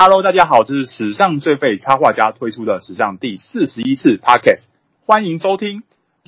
哈嘍，Hello, 大家好，這是史上最廢插畫家推出的史上第四十一次 podcast，歡迎收聽。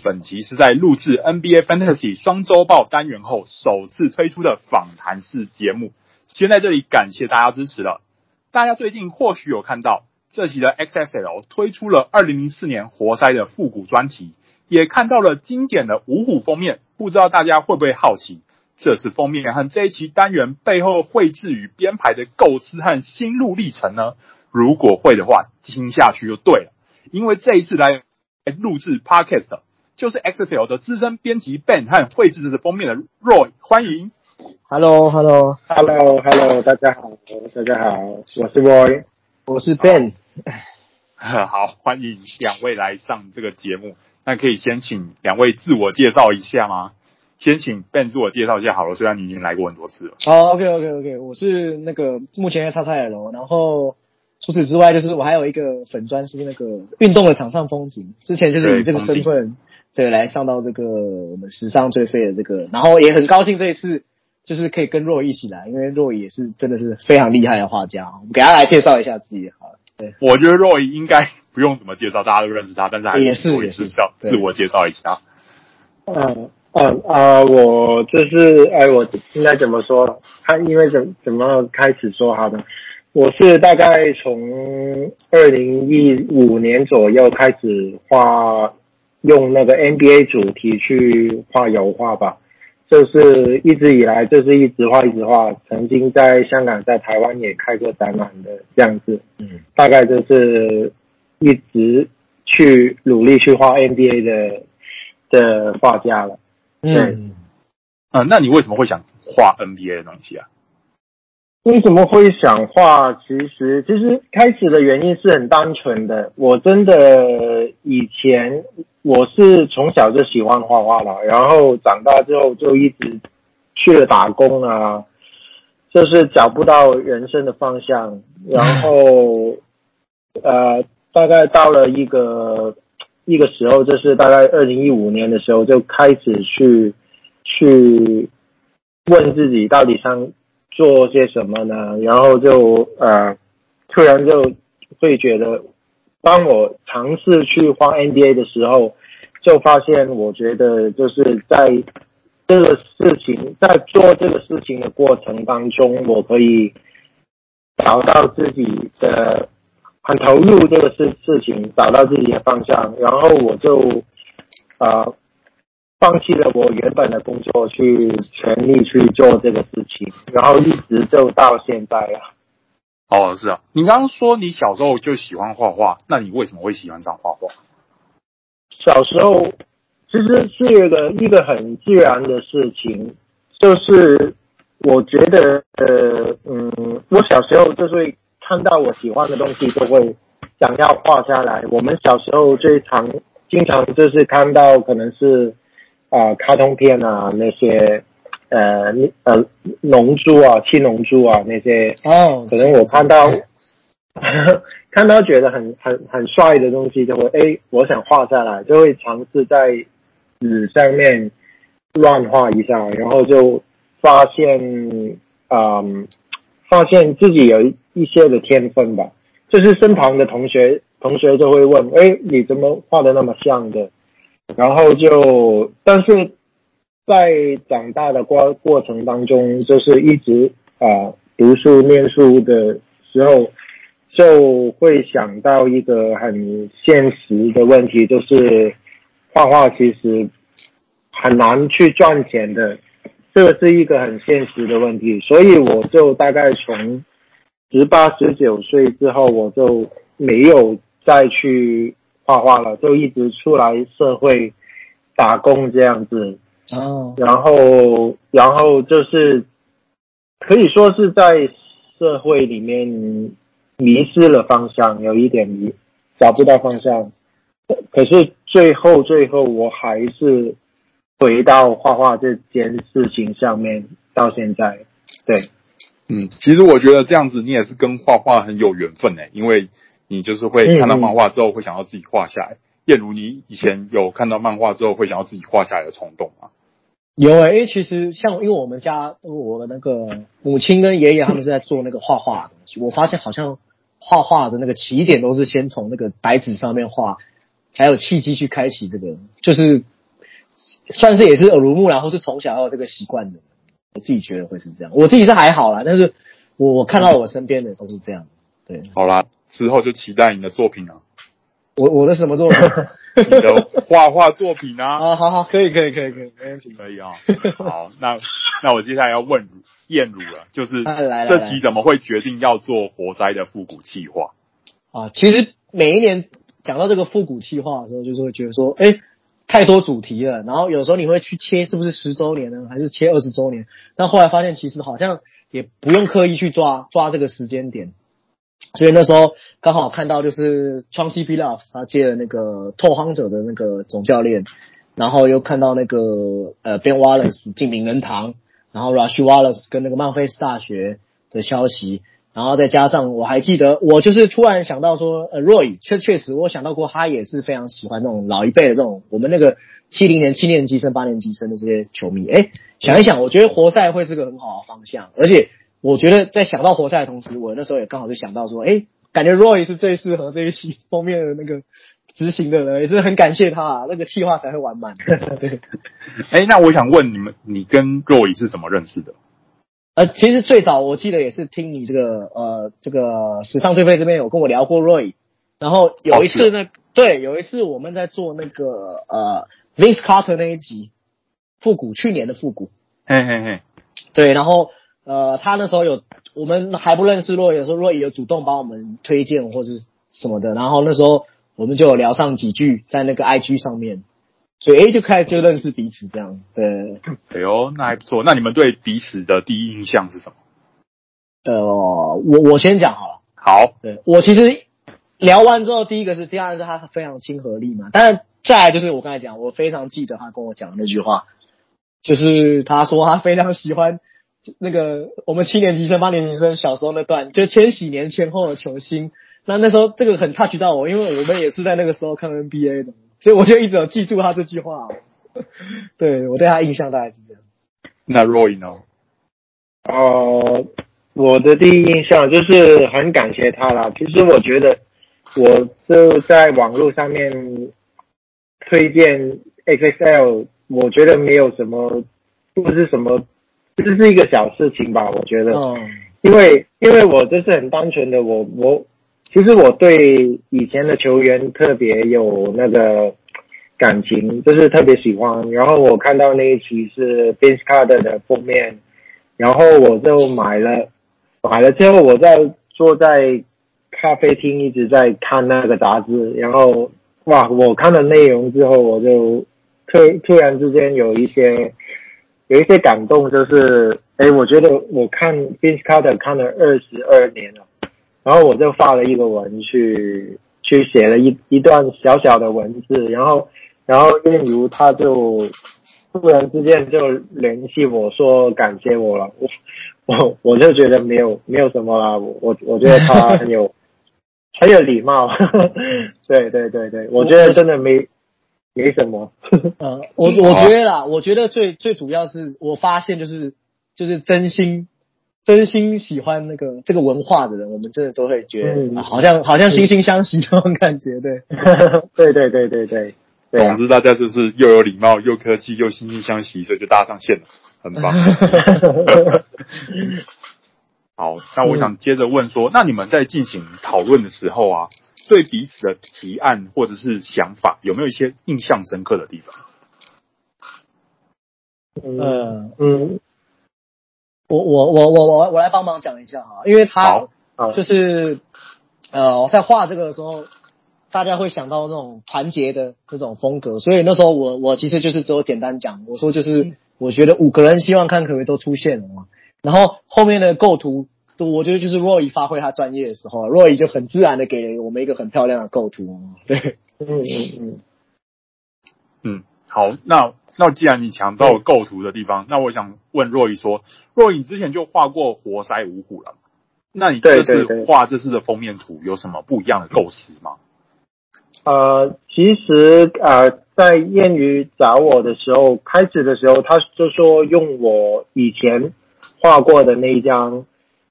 本期是在錄製 NBA Fantasy 雙週報單元後，首次推出的訪談式節目，先在這裡感謝大家支持了。大家最近或許有看到這期的 XXL 推出了二零零四年活塞的復古專題，也看到了經典的五虎封面，不知道大家會不會好奇，這次封面和這一期單元背後繪制與編排的構思和心路歷程呢？如果會的話，聽下去就對了。因為這一次來,來錄制 podcast 就是 XXL 的資深編輯 Ben 和繪制這個封面的 Roy，歡迎。Hello，Hello，Hello，Hello，大家好，大家好，我是 Roy，我,我是 Ben。 好，歡迎兩位來上這個節目。那可以先請兩位自我介紹一下嗎？先請 Ben 自我介紹一下好了，雖然你已經來過很多次了。好、oh,，OK，OK，OK，okay, okay, okay, 我是那個目前在 XXL，然後除此之外，就是我還有一個粉專是那個運動的場上風景，之前就是以這個身份對,對來上到這個我們史上最廢的這個，然後也很高興這一次就是可以跟 Roy 一起來，因為 Roy 也是真的是非常厲害的畫家，我們給他來介紹一下自己好了。對我覺得 Roy 應該不用怎麼介紹，大家都認識他，但是還是也是要自我介紹一下。嗯。啊啊！我就是哎，我應該怎麼說？他因為怎麼怎麼開始說好的？我是大概從二零一五年左右開始畫，用那個 NBA 主題去畫油畫吧。就是一直以來，就是一直畫一直畫，曾經在香港、在台灣也開過展覽的這樣子。嗯，大概就是一直去努力去畫 NBA 的的畫家了。對嗯，啊、嗯，那你為什麼會想畫 NBA 的東西啊？為什麼會想畫？其實，其實開始的原因是很單純的。我真的以前我是從小就喜歡畫畫了，然後長大之後就一直去了打工啊，就是找不到人生的方向。然後，唉呃，大概到了一個。一個時候，就是大概二零一五年的時候就開始去去問自己到底想做些什麼呢？然後就呃，突然就會覺得，當我嘗試去畫 NBA 的時候，就發現我覺得就是在這個事情在做這個事情的過程當中，我可以找到自己的。很投入這個事事情，找到自己的方向，然後我就，啊、呃，放棄了我原本的工作，去全力去做這個事情，然後一直就到現在呀。哦，是啊，你剛剛說你小時候就喜歡畫畫，那你為什麼會喜歡上畫畫？小時候其實是一個一個很自然的事情，就是我覺得，呃，嗯，我小時候就是。看到我喜歡的東西，就會想要畫下來。我們小時候最常、經常就是看到，可能是啊，卡、呃、通片啊，那些呃呃，龍、呃、珠啊，七龍珠啊那些。哦。Oh. 可能我看到呵呵看到覺得很很很帥的東西，就會哎，我想畫下來，就會嘗試在紙上面亂畫一下，然後就發現，嗯、呃。發現自己有一些的天分吧，就是身旁的同學同學就會問：“哎，你怎麼畫的那麼像的？”然後就，但是在長大的過過程當中，就是一直啊、呃、讀書念書的時候，就會想到一個很現實的問題，就是畫畫其實很難去賺錢的。這是一個很現實的問題，所以我就大概從十八、十九歲之後，我就沒有再去畫畫了，就一直出來社會打工這樣子。哦，oh. 然後，然後就是可以說是在社會裡面迷失了方向，有一點迷，找不到方向。可是最後，最後我還是。回到畫畫這件事情上面，到現在，對，嗯，其實我覺得這樣子，你也是跟畫畫很有緣分哎，因為你就是會看到漫畫之後會想要自己畫下來。例、嗯、如你以前有看到漫畫之後會想要自己畫下來的衝動嗎？有哎、欸，因為其實像因為我們家我的那個母親跟爺爺他們是在做那個畫畫的東西，我發現好像畫畫的那個起點都是先從那個白紙上面畫，才有契機去開啟這個，就是。算是也是耳濡目染，或是從小要這個習慣的。我自己覺得會是這樣，我自己是還好啦。但是我我看到我身邊的都是這樣。對，好啦，之後就期待你的作品啊。我我的什麼作品？ 你的畫畫作品啊？啊，好好，可以可以可以可以，可以可以，沒問題可以啊。好，那那我接下來要問豔茹了，就是這期怎麼會決定要做活塞的復古企劃？啊，其實每一年講到這個復古企劃的時候，就是會覺得說，哎、欸。太多主題了，然後有時候你會去切，是不是十週年呢，還是切二十週年？但後來發現其實好像也不用刻意去抓抓這個時間點，所以那時候剛好看到就是 Chauncey Billups 他接了那個拓荒者的那個總教練，然後又看到那個呃 Ben Wallace 進名人堂，然後 Rasheed Wallace 跟那個曼菲斯大學的消息。然後再加上，我還記得，我就是突然想到說，呃，Roy 確確實，我想到過他也是非常喜歡那種老一輩的這種我們那個七零年、七年級生、八年級生的這些球迷。哎，想一想，我覺得活塞會是個很好的方向，而且我覺得在想到活塞的同時，我那時候也剛好就想到說，哎，感覺 Roy 是最適合這一期封面的那個執行的人，也是很感謝他啊，那個計劃才會完滿。對。哎，那我想問你們，你跟 Roy 是怎麼認識的？呃，其實最早我記得也是聽你這個，呃，這個史上最廢這邊有跟我聊過 Roy，然後有一次呢，哦，對，有一次我們在做那個呃，Vince Carter 那一集復古去年的復古，嘿嘿嘿，對，然後呃，他那時候有我們還不認識 Roy 的時候，Roy 有主動幫我們推薦或是什麼的，然後那時候我們就聊上幾句在那個 IG 上面。所以 A 就開始就認識彼此這樣，對，哎呦，那還不錯。那你們對彼此的第一印象是什麼？呃，我我先講好了。好，對我其實聊完之後，第一個是第二個是他非常親和力嘛。但是再來就是我剛才講，我非常記得他跟我講的那句話， 就是他說他非常喜歡那個我們七年級生、八年級生小時候那段，就千禧年前後的球星。那那時候這個很 touch 到我，因為我們也是在那個時候看 NBA 的嘛。所以我就一直有記住他這句話，對，我對他印象大概是這樣。那 Roy 呢、no？哦、uh, 我的第一印象就是很感謝他啦。其實我覺得，我就在網絡上面推薦 XXL，我覺得沒有什麼，不是什麼，這、就是一個小事情吧？我覺得，uh. 因為因為我這是很單純的，我我。其實我對以前的球員特別有那個感情，就是特別喜歡。然後我看到那一期是 Vince Carter 的封面，然後我就買了，買了之後我在坐在咖啡廳一直在看那個雜誌。然後哇，我看了內容之後，我就突突然之間有一些有一些感動，就是哎，我覺得我看 Vince Carter 看了二十二年了。然後我就發了一個文去，去寫了一一段小小的文字，然後，然後艷茹她就，突然之間就聯繫我說感謝我了，我，我我就覺得沒有沒有什麼啦，我我覺得她很有， 很有禮貌， 對對對對，我覺得真的沒，我沒什麼，嗯， 我我覺得啦，我覺得最最主要是我發現就是就是真心。真心喜歡那個這個文化的人，我們真的都會覺得、嗯啊、好像好像惺惺相惜這種、嗯、感覺，對， 對，對對對對對。總之，大家就是又有禮貌，又客氣，又惺惺相惜，所以就搭上線了，很棒。 好，那我想接着問說，嗯、那你們在進行討論的時候啊，對彼此的提案或者是想法，有沒有一些印象深刻的地方？嗯嗯。嗯我我我我我我來幫忙講一下哈，因為他就是呃在畫這個的時候，大家會想到那種團結的這種風格，所以那時候我我其實就是只有簡單講，我說就是我覺得五個人希望看可能都出現了嘛，然後後面的構圖，我覺得就是 Roy 發揮他專業的時候，Roy 就很自然的給了我們一個很漂亮的構圖，對，嗯嗯。嗯好，那那既然你講到了構圖的地方，嗯、那我想問 Roy 說，Roy 你之前就畫過活塞五虎了嗎，那你這次畫這次的封面圖有什麼不一樣的構思嗎？對對對呃，其實呃，在燕魚找我的時候，開始的時候他就說用我以前畫過的那一張，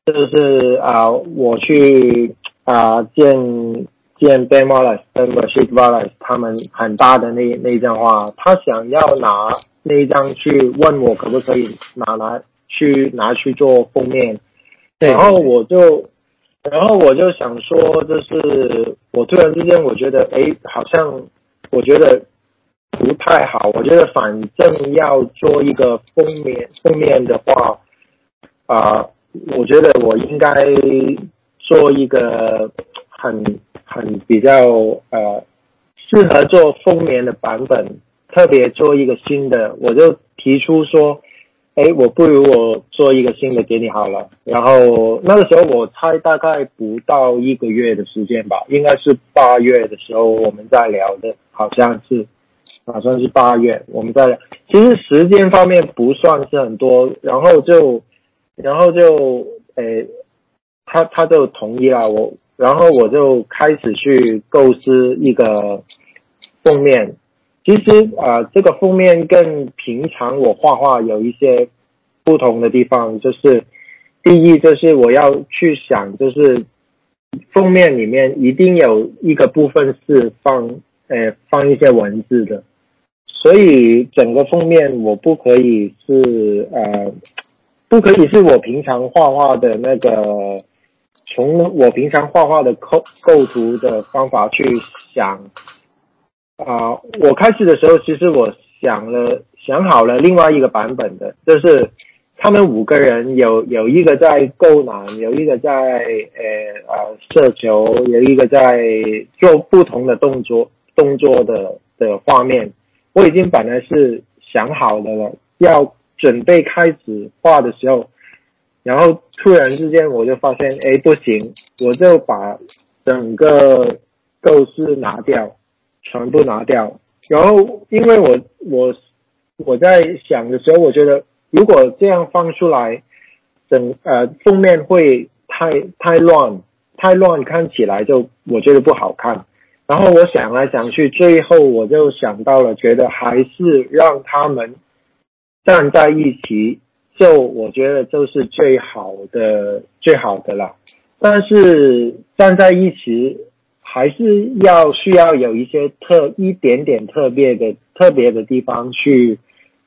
就是啊、呃、我去啊見。呃建見 Ben Wallace 跟 Rasheed Wallace 他們很大的那那一張畫，他想要拿那一張去問我可不可以拿來去拿去做封面，然後我就，然後我就想說，就是我突然之間我覺得，哎，好像我覺得不太好，我覺得反正要做一個封面封面的話，啊、呃，我覺得我應該做一個。很很比較呃，適合做封面的版本，特別做一個新的，我就提出說：“哎、欸，我不如我做一個新的給你好了。”然後那個時候我猜大概不到一個月的時間吧，應該是八月的時候我們在聊的，好像是，好像是八月我們在聊。其實時間方面不算是很多，然後就，然後就，哎、欸，他他就同意了我。然後我就開始去構思一個封面。其實啊、呃，這個封面跟平常我畫畫有一些不同的地方，就是第一，就是我要去想，就是封面裡面一定有一個部分是放，呃放一些文字的。所以整個封面我不可以是呃，不可以是我平常畫畫的那個。從我平常畫畫的構構圖的方法去想，啊、呃，我開始的時候，其實我想了想好了另外一個版本的，就是他們五個人有有一個在灌籃，有一個在呃啊射球，有一個在做不同的動作動作的的畫面，我已經本來是想好的了，要準備開始畫的時候。然後突然之間我就發現，哎，不行，我就把整個構思拿掉，全部拿掉。然後因為我我我在想的時候，我覺得如果這樣放出來，整呃封面會太太亂，太亂，看起來就我覺得不好看。然後我想來想去，最後我就想到了，覺得還是讓他們站在一起。就我覺得就是最好的、最好的了，但是站在一起，還是要需要有一些特一點點特別的、特別的地方去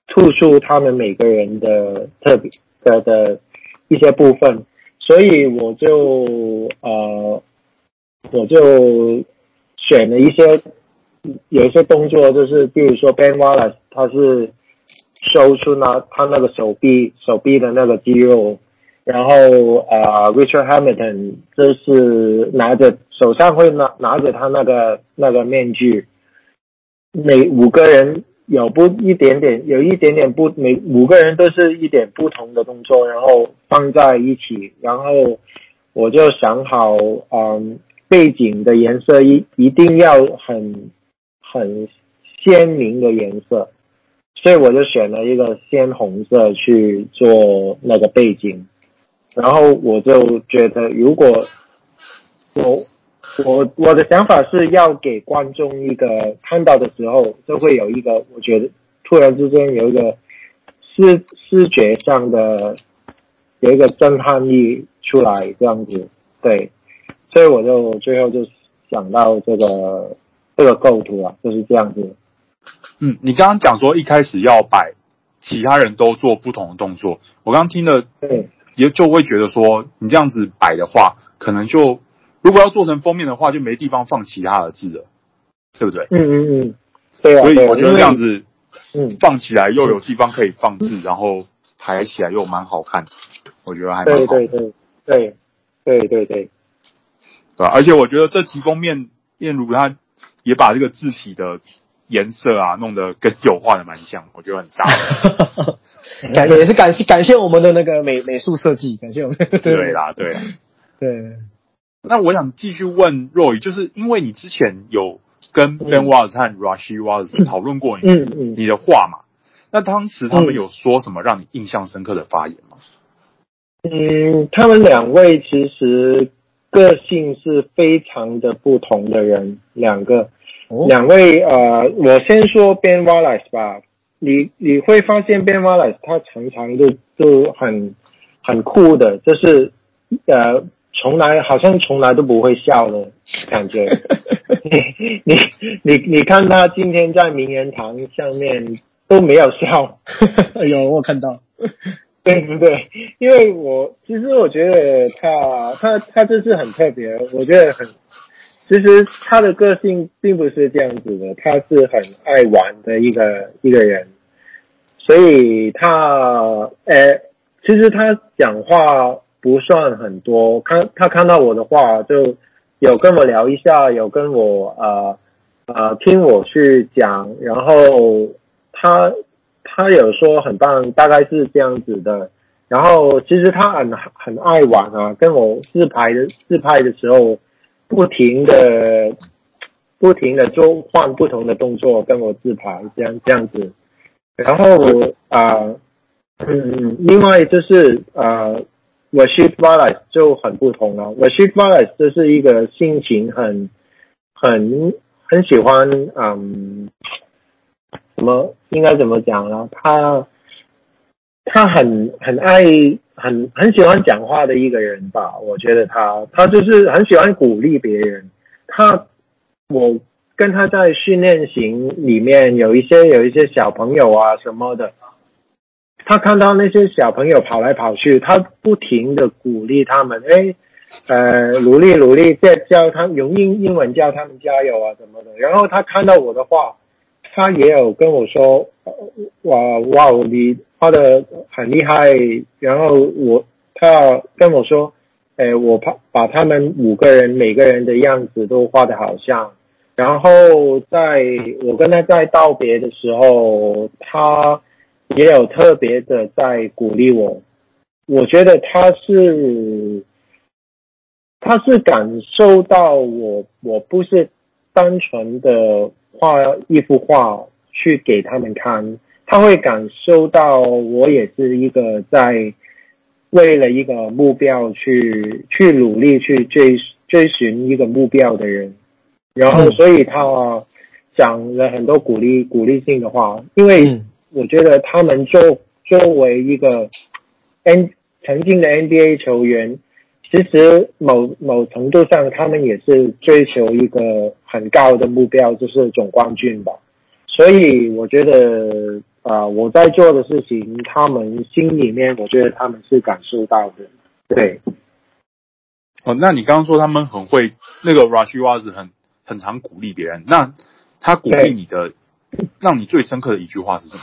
突出他們每個人的特別的的一些部分，所以我就呃，我就選了一些有一些動作，就是比如說 Ben Wallace，他是。收出那他那個手臂，手臂的那個肌肉，然後啊，呃，Richard Hamilton 就是拿着手上會拿拿着他那個那個面具，每五個人有不一點點，有一點點不，每五個人都是一點不同的動作，然後放在一起，然後我就想好，嗯，背景的顏色一一定要很很鮮明的顏色。所以我就選了一個鮮紅色去做那個背景，然後我就覺得，如果我我我的想法是要給觀眾一個看到的時候，就會有一個我覺得突然之間有一個視視覺上的有一個震撼力出來，這樣子，對，所以我就最後就想到這個這個構圖啊，就是這樣子。嗯，你剛剛講說一開始要擺，其他人都做不同的動作。我剛剛聽了，對也就會覺得說，你這樣子擺的話，可能就如果要做成封面的話，就沒地方放其他的字了，對不對？嗯嗯嗯，對啊。所以我覺得這樣子，嗯，放起來又有地方可以放字，對對對，然後抬起來又蠻好看的，對對對，我覺得還蠻好。對對對對對對，而且我覺得這期封面，燕如他也把這個字體的。顏色啊，弄得跟油畫的蠻像，我覺得很大。感 也是感謝感謝我們的那個美美術設計，感謝我們。對啦，對啦，對。那我想繼續問 Roy，就是因為你之前有跟 Ben Wallace 和 Rasheed Wallace 討論過你，嗯嗯嗯、你的話嘛，那當時他們有說什麼讓你印象深刻的發言嗎？嗯，他們兩位其實個性是非常的不同的人，兩個。兩位，呃，我先說 l 瓦萊斯吧。你你會發現 l 瓦萊斯他常常都都很很酷的，就是呃，從來好像從來都不會笑的感覺。 你你你，你看他今天在名人堂上面都沒有笑。哎呦， 我看到。對不對，因為我其實我覺得他他他就是很特別，我覺得很。其實他的個性並不是這樣子的，他是很愛玩的一個一個人，所以他誒，其實他講話不算很多，看他看到我的話，就有跟我聊一下，有跟我呃呃聽我去講，然後他他有說很棒，大概是這樣子的。然後其實他很很愛玩啊，跟我自拍的自拍的時候。不停的、不停的就換不同的動作，跟我自拍這樣、這樣子，然後啊、呃，嗯，另外就是啊，我媳婦了就很不同了。我媳婦了，這是一個心情很、很、很喜歡，嗯，怎麼應該怎麼講呢？他他很很愛。很很喜歡講話的一個人吧，我覺得他，他就是很喜歡鼓勵別人。他，我跟他在訓練營裡面有一些有一些小朋友啊什麼的，他看到那些小朋友跑來跑去，他不停的鼓勵他們，哎，呃，努力努力，再教他用英英文叫他們加油啊什麼的。然後他看到我的話，他也有跟我說，哇哇、哦，你。畫的很厲害，然後我，他跟我說：“哎，我把把他們五個人每個人的樣子都畫得好像。”然後在我跟他在道別的時候，他也有特別的在鼓勵我。我覺得他是他是感受到我，我不是單純的畫一幅畫去給他們看。他會感受到我也是一個在為了一個目標去去努力去追追尋一個目標的人，然後所以他講了很多鼓勵鼓勵性的話，因為我覺得他們作作為一個 N 曾經的 NBA 球員，其實某某程度上他們也是追求一個很高的目標，就是總冠軍吧，所以我覺得。啊、呃，我在做的事情，他們心裡面，我覺得他們是感受到的。對。哦，那你剛剛說他們很會，那個 Rasheed Wallace 很很常鼓勵別人。那他鼓勵你的，對讓你最深刻的一句話是什麼？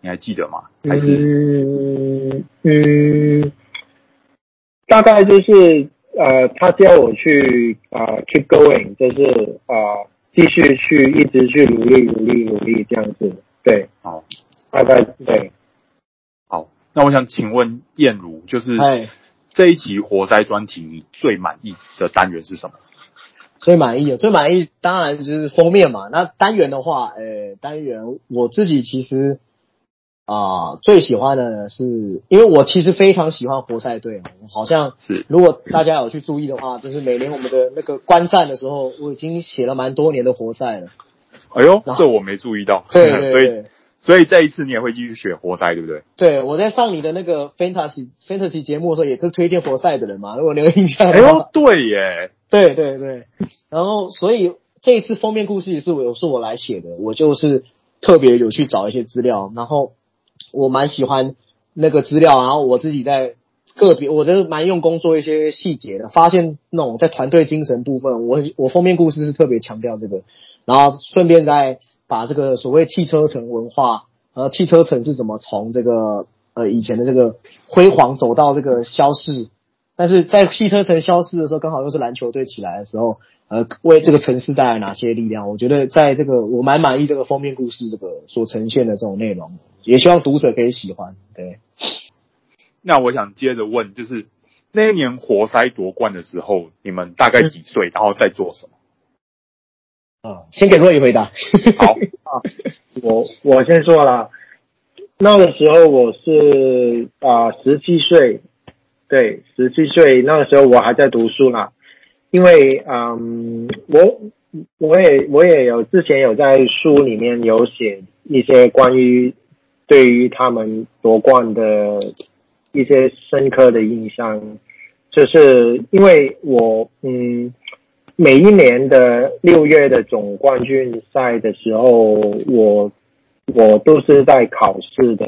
你還記得嗎？還是嗯，嗯，大概就是呃，他教我去啊、呃、，keep going，就是啊，繼、呃、續去，一直去努力，努力，努力這樣子。對，好，大概拜對，對，好。那我想請問燕如，就是這一集活塞專題，你最滿意的單元是什麼？最滿意的，最滿意當然就是封面嘛。那單元的話，呃，單元我自己其實啊、呃，最喜歡的是，因為我其實非常喜歡活塞隊。好像是如果大家有去注意的話，就是每年我們的那個觀戰的時候，我已經寫了蠻多年的活塞了。哎呦，這我沒注意到。啊、對，對，對、嗯，所以所以這一次你也會繼續選活塞，對不對？對，我在上你的那個 fantasy fantasy 節目的時候，也是推薦活塞的人嘛。如果你有印象，哎呦，對耶，對對對。然後，所以這一次封面故事也是我，是我來寫的。我就是特別有去找一些資料，然後我蠻喜歡那個資料，然後我自己在。個別，我覺得蠻用功做一些細節的，發現那種在團隊精神部分，我我封面故事是特別強調這個，然後順便再把這個所謂汽車城文化然後、呃、汽車城是怎麼從這個呃以前的這個輝煌走到這個消逝，但是在汽車城消逝的時候，剛好又是籃球隊起來的時候，呃，為這個城市帶來哪些力量？我覺得在這個我蠻滿、滿意這個封面故事這個所呈現的這種內容，也希望讀者可以喜歡，對。那我想接着問，就是那一年活塞奪冠的時候，你們大概幾歲？嗯、然後在做什麼？啊，先給 Roy 回答。好啊， 我我先說了，那個時候我是啊十七歲，對，十七歲。那個時候我還在讀書呢，因為嗯、呃，我我也我也有之前有在書裡面有寫一些關於對於他們奪冠的。一些深刻的印象，就是因為我，嗯，每一年的六月的總冠軍賽的時候，我，我都是在考試的，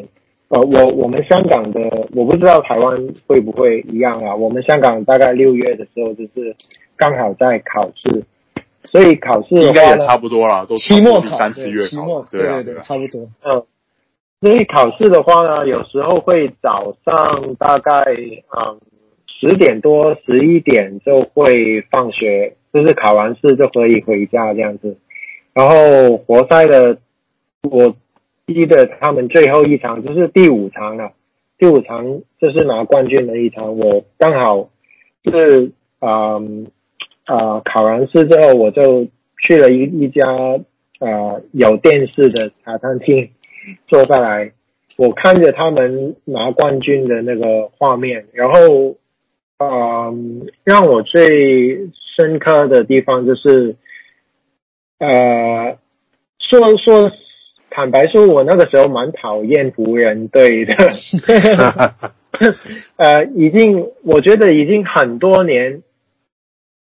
呃，我我們香港的，我不知道台灣會不會一樣啊？我們香港大概六月的時候就是剛好在考試，所以考試應該也差不多啦，期末考三次月考，對啊對對，差不多，嗯。所以考試的話呢，有時候會早上大概嗯十點多十一點就會放學，就是考完試就可以回家這樣子。然後活塞的，我記得他們最後一場就是第五場了、啊，第五場就是拿冠軍的一場。我剛好、就是嗯啊、呃、考完試之後，我就去了一一家啊、呃、有電視的茶餐廳。坐下來，我看着他們拿冠軍的那個畫面，然後，啊、嗯、讓我最深刻的地方就是，呃，說說，坦白說，我那個時候蠻討厭湖人隊的， 呃，已經我覺得已經很多年，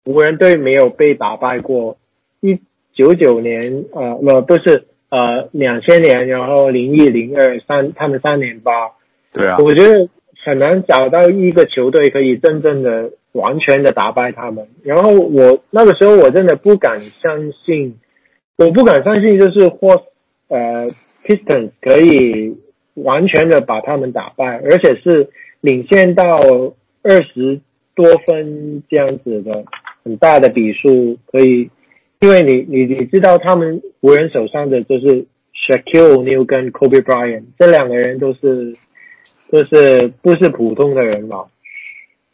湖人隊沒有被打敗過，一九九年呃，呃，不是。呃，兩千年，然後零一、零二、三，他們三連霸，對啊，我覺得很難找到一個球隊可以真正的、完全的打敗他們。然後我那個時候我真的不敢相信，我不敢相信，就是霍、呃，呃，Pistons 可以完全的把他們打敗，而且是領先到二十多分這樣子的很大的比數，可以。因為你你你知道他們湖人手上的就是 Shaquille O'Neal 跟 Kobe Bryant 這兩個人都是都是不是普通的人嘛，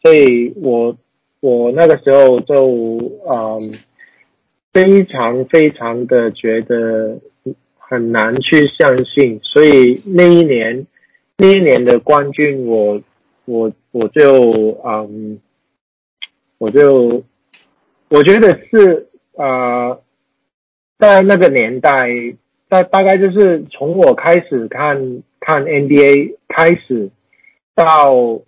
所以我我那個時候就嗯，非常非常的覺得很難去相信，所以那一年那一年的冠軍我我我就嗯，我就我覺得是。.呃，在那個年代，大大概就是從我開始看看 NBA 開始到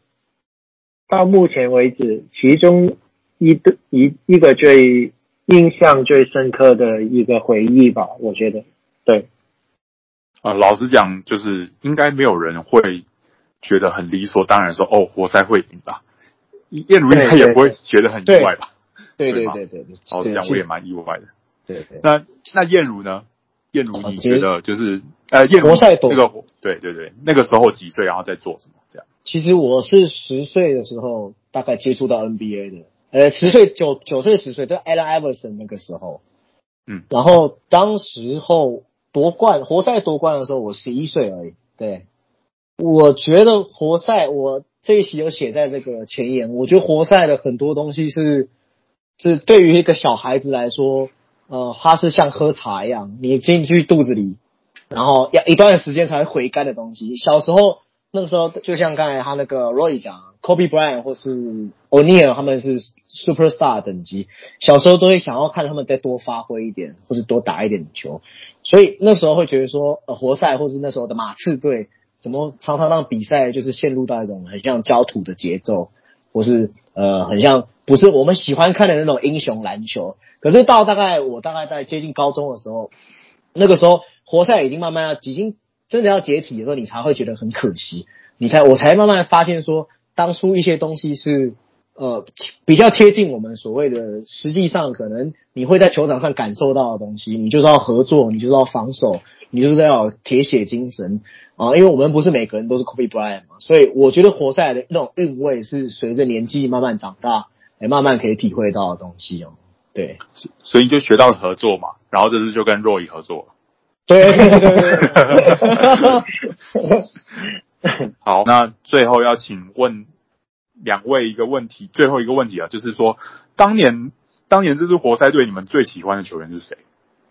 到目前為止，其中一個一一,一個最印象最深刻的一個回憶吧，我覺得對。啊、呃，老實講，就是應該沒有人會覺得很理所當然說，哦，活塞會贏吧？葉如他也不會覺得很意外吧？對對對。對對對對對，哦，實講我也蠻意外的。對對，那對，那燕如呢？燕如，你覺得就是、嗯、呃，活塞這個對對對，那個時候幾歲？然後在做什麼這樣？其實我是十歲的時候大概接觸到 NBA 的，呃，十歲九九歲、十歲，就 Allen Iverson 那個時候。嗯，然後當時候奪冠，活塞奪冠的時候，我十一歲而已。對，我覺得活塞，我這一期有寫在這個前言，我覺得活塞的很多東西是。是對於一個小孩子來說，呃，他是像喝茶一樣，你進去肚子裡，然後要一段時間才會回甘的東西。小時候那個時候，就像剛才他那個 Roy 講，Kobe Bryant 或是 O'Neal 他們是 Superstar 等級，小時候都會想要看他們再多發揮一點，或是多打一點球。所以那時候會覺得說，呃，活塞或是那時候的馬刺隊，怎麼常常讓比賽就是陷入到一種很像焦土的節奏，或是。呃，很像不是我們喜歡看的那種英雄籃球，可是到大概我大概在接近高中的時候，那個時候活塞已經慢慢要，已經真的要解體的時候，你才會覺得很可惜。你才我才慢慢發現說，當初一些東西是。呃，比較貼近我們所謂的，實際上可能你會在球場上感受到的東西，你就是要合作，你就是要防守，你就是要鐵血精神啊、呃！因為我們不是每個人都是 Kobe Bryant 嘛，所以我覺得活塞的那種韻味是隨着年紀慢慢長大、欸，慢慢可以體會到的東西哦。對，所以你就學到了合作嘛，然後這次就跟 Roy 合作對對，好，那最後要請問兩位一個問題，最後一個問題啊，就是說，當年當年這支活塞隊，你們最喜歡的球員是誰？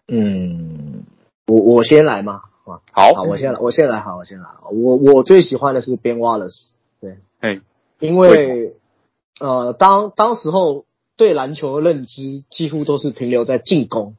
嗯，我我先來嘛，好，嗯，好，我先來，我先來，好，我先來，我我最喜歡的是 Ben Wallace，對，嘿因為喂呃，當當時候對籃球的認知幾乎都是停留在進攻，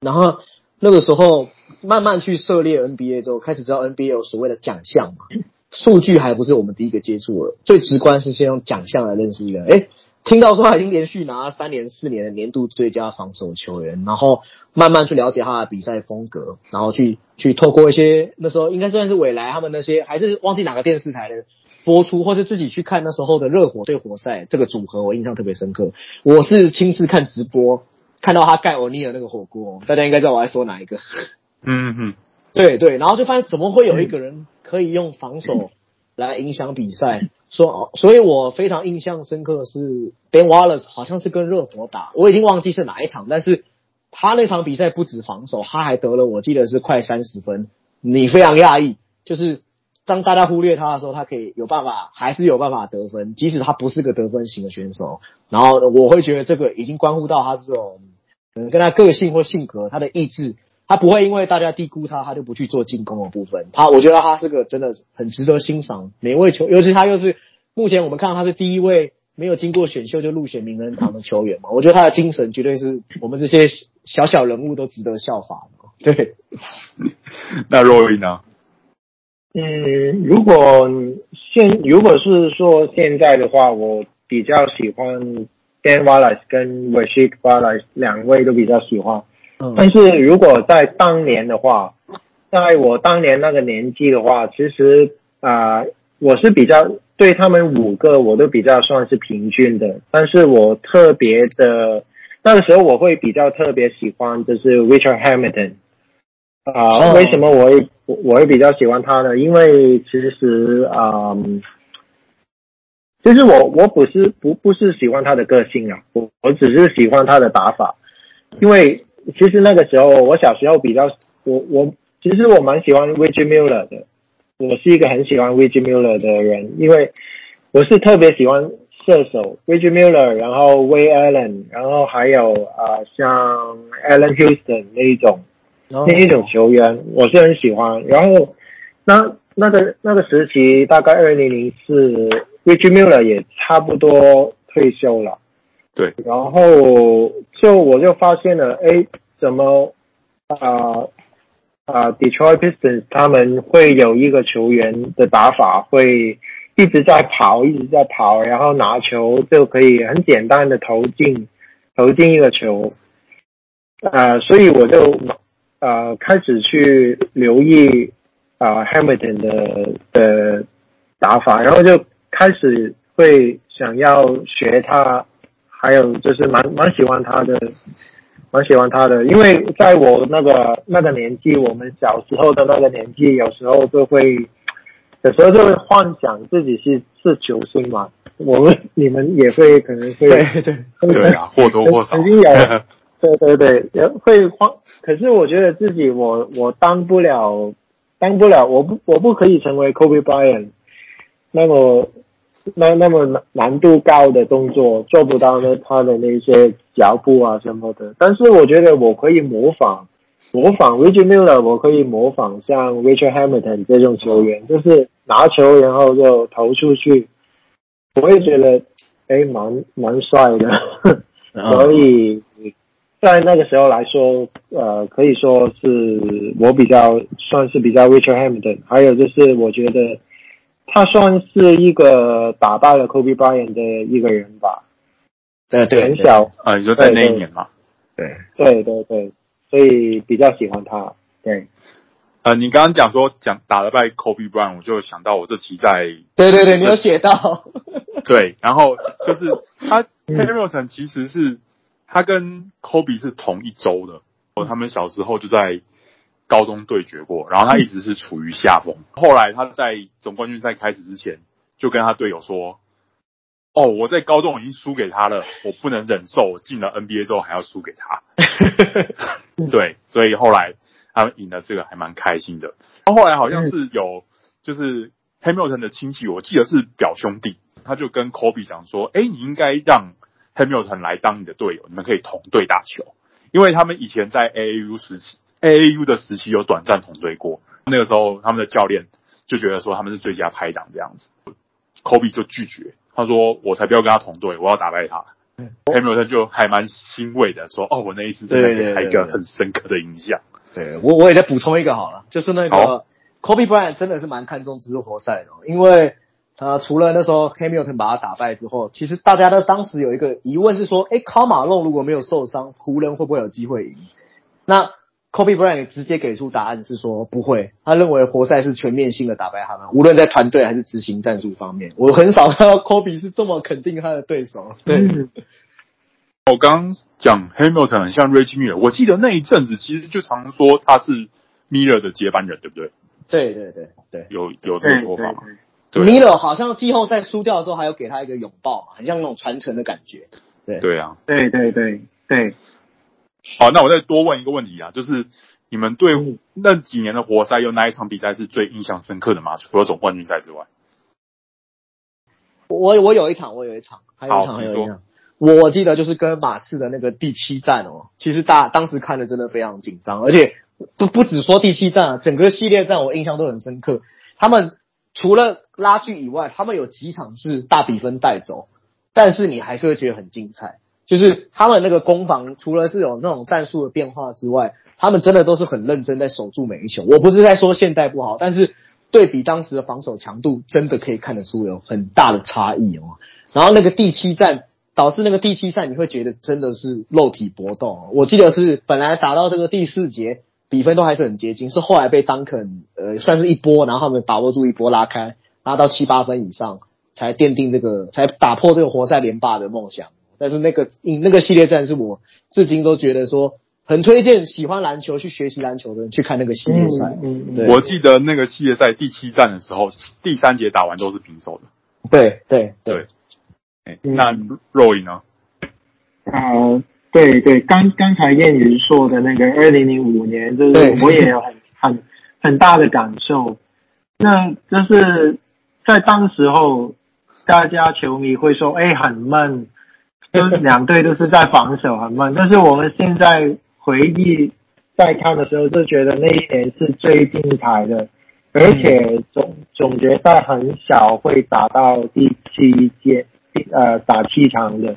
然後那個時候慢慢去涉獵 NBA 之後，開始知道 NBA 有所謂的獎項嘛。嗯數據還不是我們第一個接觸了，最直觀是先用獎項來認識一個人。哎、欸，聽到說他已經連續拿三年、四年的年度最佳防守球員，然後慢慢去了解他的比賽風格，然後去去透過一些那時候應該算是未來他們那些，還是忘記哪個電視台的播出，或是自己去看那時候的熱火對活塞這個組合，我印象特別深刻。我是親自看直播，看到他蓋歐尼爾那個火鍋，大家應該知道我在說哪一個。嗯嗯。對對，然後就發現怎麼會有一個人可以用防守來影響比賽？說哦，所以我非常印象深刻的是 Ben Wallace，好像是跟熱火打，我已經忘記是哪一場，但是他那場比賽不止防守，他還得了，我記得是快三十分。你非常訝異，就是當大家忽略他的時候，他可以有辦法，還是有辦法得分，即使他不是個得分型的選手。然後我會覺得這個已經關乎到他這種，嗯，跟他個性或性格、他的意志。他不會因為大家低估他，他就不去做進攻的部分。他，我覺得他是個真的很值得欣賞。每一位球，尤其他又是目前我們看到他是第一位沒有經過選秀就入選名人堂的球員嘛。我覺得他的精神絕對是我們這些小小人物都值得效仿的。對，那若 n 呢？嗯，如果現，如果是說現在的話，我比較喜歡 Ben Wallace 跟 Rasheed Wallace 兩位都比較喜歡。但是如果在當年的話，在我當年那個年紀的話，其實啊、呃，我是比較對他們五個我都比較算是平均的。但是我特別的，那個時候我會比較特別喜歡就是 Richard Hamilton 啊、呃，哦、為什麼我會我會比較喜歡他呢？因為其實啊、呃，其實我我不是不不是喜歡他的個性啊，我我只是喜歡他的打法，因為。其實那個時候，我小時候比較，我我其實我蠻喜歡 Reggie Miller 的。我是一個很喜歡 Reggie Miller 的人，因為我是特別喜歡射手 Reggie Miller、然後 Ray Allen，然後還有啊、呃、像 Allen Houston 那一種、oh. 那一種球員，我是很喜歡。然後那那個那個時期，大概二零零四 Reggie Miller 也差不多退休了。對，然後就我就發現了，哎，怎麼啊啊、呃呃、Detroit Pistons 他們會有一個球員的打法，會一直在跑，一直在跑，然後拿球就可以很簡單的投進投進一個球啊、呃，所以我就啊、呃、開始去留意啊、呃、Hamilton 的的打法，然後就開始會想要學他，還有就是蠻蠻喜歡他的，蠻喜歡他的，因為在我那個那個年紀，我們小時候的那個年紀，有時候就會，有時候就會幻想自己是是球星嘛，我們你們也會可能會對對可能對啊，或多或少，對對對，也會幻，可是我覺得自己我我當不了，當不了，我不我不可以成為 Kobe Bryant，那麼。那那麼難難度高的動作做不到呢，他的那些腳步啊什麼的。但是我覺得我可以模仿，模仿 Richard Muller，我可以模仿像 Richard Hamilton 這種球員，就是拿球然後就投出去。我也覺得，哎，蠻蠻帥的。 所以在那個時候來說，呃，可以說是我比較算是比較 Richard Hamilton。還有就是我覺得。他算是一個打敗了 Kobe Bryant 的一個人吧？對對，對很小啊，也就在那一年嘛。對對對對，所以比較喜歡他。對。呃，你剛剛講說講打了敗 Kobe Bryant，我就想到我這期在……對對對，你有寫到。對，然後就是他 Hamilton 其實是他跟 Kobe 是同一週的哦，嗯、他們小時候就在。高中對決過，然後他一直是處於下風。後來他在總冠軍賽開始之前，就跟他隊友說：“哦，我在高中已經輸給他了，我不能忍受。進了 NBA 之後還要輸給他。 ”對，所以後來他們贏了這個，還蠻開心的。然後後來好像是有，嗯、就是 Hamilton 的親戚，我記得是表兄弟，他就跟 Kobe 講說：“誒、欸，你應該讓 Hamilton 來當你的隊友，你們可以同隊打球，因為他們以前在 AAU 時期。” A A U 的時期有短暫同隊過，那個時候他們的教練就覺得說他們是最佳拍檔這樣子，Kobe 就拒絕，他說我才不要跟他同隊，我要打敗他。Ha、嗯哦、milton 就還蠻欣慰的說：“哦，我那一次真的給他一個很深刻的印象。對”對我，我也在補充一個好了，就是那個好 Kobe Bryant 真的是蠻看重植業活塞的，因為他、呃、除了那時候 Hamilton 把他打敗之後，其實大家都當時有一個疑問是說：“哎，卡馬龍如果沒有受傷，湖人會不會有機會贏？”那 Kobe Bryant 直接給出答案是說不會，他認為活塞是全面性的打敗他們，無論在團隊還是執行戰術方面。我很少看到 Kobe 是這麼肯定他的對手。對，我剛剛講 Hamilton 很像 Reggie Miller 我記得那一陣子其實就常說他是 Miller 的接班人，對不對？對對對對，對對對有有這種說法對對對 Miller 好像季後賽輸掉的時候，還有給他一個擁抱嘛，很像那種傳承的感覺。對對啊，對對對對。對好，那我再多問一個問題啊，就是你們對那幾年的活塞有哪一場比賽是最印象深刻的嗎？除了總冠軍賽之外，我我有一場，我有一場，還有一場，好還有一場說我。我記得就是跟馬刺的那個第七戰哦，其實大當時看的真的非常緊張，而且不不止說第七戰啊，整個系列戰我印象都很深刻。他們除了拉鋸以外，他們有幾場是大比分帶走，但是你還是會覺得很精彩。就是他們那個攻防，除了是有那種戰術的變化之外，他們真的都是很認真在守住每一球。我不是在說現代不好，但是對比當時的防守強度，真的可以看得出有很大的差異哦。然後那個第七戰，導致那個第七戰，你會覺得真的是肉體搏鬥，哦。我記得是本來打到這個第四節，比分都還是很接近，是後來被鄧肯呃算是一波，然後他們把握住一波拉開，拉到七八分以上，才奠定這個，才打破這個活塞連霸的夢想。但是那個，那那個系列賽是我至今都覺得說很推薦，喜歡籃球去學習籃球的人去看那個系列賽、嗯。嗯，對。我記得那個系列賽第七戰的時候，第三節打完都是平手的。對對對。對對對欸、那 Roy 呢？嗯、呃，對對，剛剛才燕云說的那個二零零五年，就是我也有很很很大的感受。那就是在當時候，大家球迷會說，哎、欸，很悶。就是兩隊都是在防守很慢，但是我們現在回憶再看的時候，就覺得那一年是最精彩的。而且總總決賽很少會打到第七節，呃，打七場的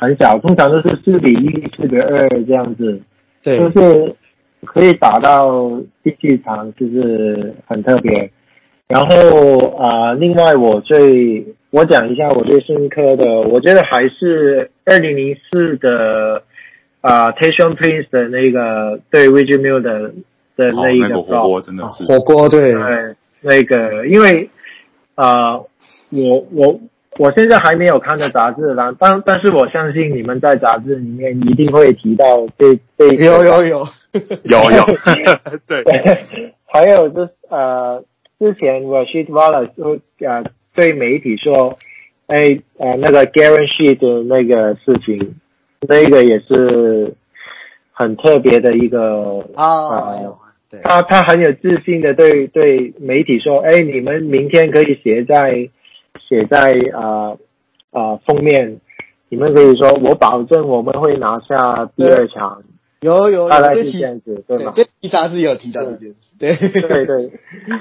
很少，通常都是四比一、四比二這樣子。對，就是可以打到第七場，就是很特別。然後啊、呃，另外我最。我講一下我最深刻的，我覺得還是二零零四的，啊 Tayshaun Prince 的那個、哦、對 Reggie Miller 的的那一個火鍋，真的是火鍋，對對、嗯，那個因為啊、呃，我我我現在還沒有看到雜誌啦，但但是我相信你們在雜誌裡面一定會提到這這。有有有有有，對， 對 還有就是呃，之前 Rasheed Wallace 都、呃對媒體說，哎，呃，那個 guarantee 的那個事情，這個也是很特別的一個啊，對，他他很有自信的對對媒體說，哎，你們明天可以寫在寫在啊，呃封面，你們可以說我保證我們會拿下第二場，有有大概是這樣子對嗎？一莎是有提到這件事，對對對，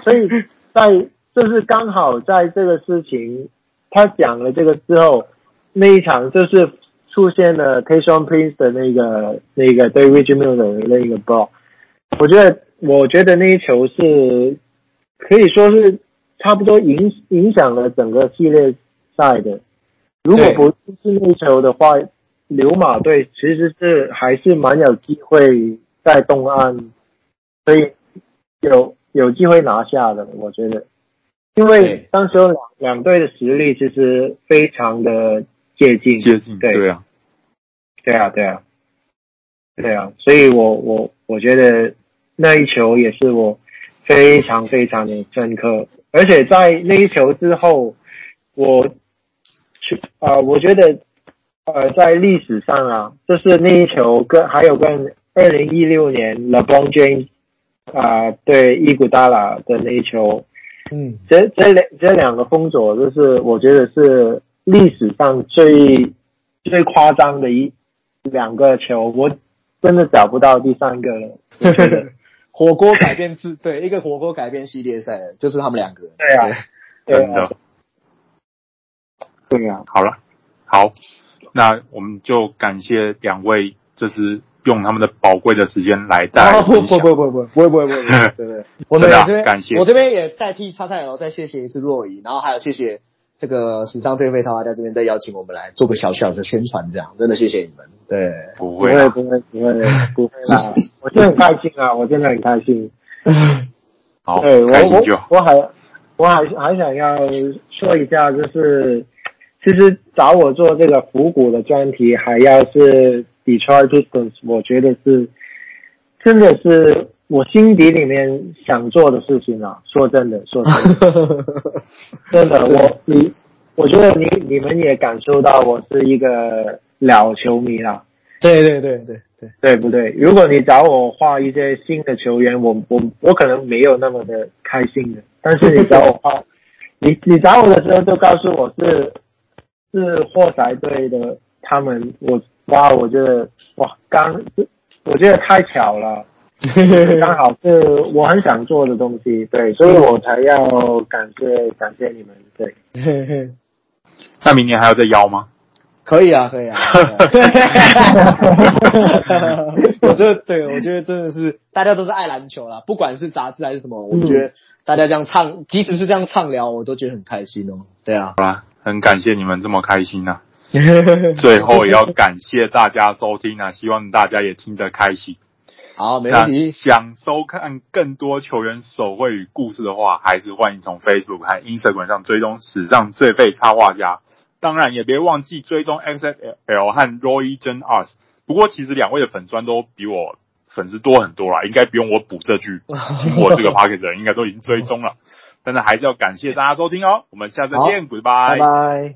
所以在。就是剛好在這個事情，他講了這個之後，那一場就是出現了 Tayshaun Prince 的那個那個對 Richmond 的那個 ball，我覺得我覺得那一球是可以說是差不多影影響了整個系列賽的。如果不是那球的話，溜對馬隊其實是還是蠻有機會在東岸，所以有有機會拿下的，我覺得。因為當時兩對兩隊的實力其實非常的接近，接近，對，對啊，對啊，對啊，對啊，所以我我我覺得那一球也是我非常非常的深刻，而且在那一球之後，我去啊、呃，我覺得呃，在歷史上啊，就是那一球跟還有跟二零一六年 LeBron James 啊、呃、對伊古達拉的那一球。嗯，這這兩這兩個封阻，就是我覺得是歷史上最最誇張的一兩個球，我真的找不到第三個了。 火鍋改變自， 對，一個火鍋改變系列賽，就是他們兩個。對啊，對對啊，真的。對啊。好了，好，那我們就感謝兩位這次，這是。用他們的寶貴的時間來帶。不不不不不不會不會不，對對，真的。感謝，我這邊也代替 XXL 再謝謝一次若儀，然後還有謝謝這個史上最廢插畫家這邊再邀請我們來做個小小的宣傳，這樣真的謝謝你們。對，不會不會不會不會。不會啊，我真的很開心啊，我真的很開心。好，開心就好。我還我還還想要說一下，就是其實找我做這個復古的專題，還要是。try t 我覺得是，真的是我心底裡面想做的事情啊！說真的，說真的， 真的，是我你，我覺得你你們也感受到我是一個老球迷了，啊。對對對對對對，對不對？如果你找我畫一些新的球員，我我我可能沒有那麼的開心的。但是你找我畫， 你你找我的時候就告訴我是是活塞隊的他們，我。哇，我覺得哇，剛，我覺得太巧了，剛好是我很想做的東西，對，所以我才要感謝感謝你們，對。那明年還要再邀嗎？可以啊，可以啊。 我覺得對，我覺得真的是大家都是愛籃球啦，不管是雜誌還是什麼，我覺得大家這樣暢，即使是這樣暢聊，我都覺得很開心哦。對啊，好啦，很感謝你們這麼開心啊。 最後也要感謝大家收聽啊，希望大家也聽得開心。好，沒問題。想收看更多球員手繪與故事的話，還是歡迎從 Facebook 和 Instagram 上追蹤史上最廢插畫家。當然，也別忘記追蹤 XXL 和 Roy Cheng Artworks。不過，其實兩位的粉專都比我粉絲多很多了，應該不用我補這句。聽過這個 Podcast 的，應該都已經追蹤了。 但是，還是要感謝大家收聽哦。我們下次見，Goodbye。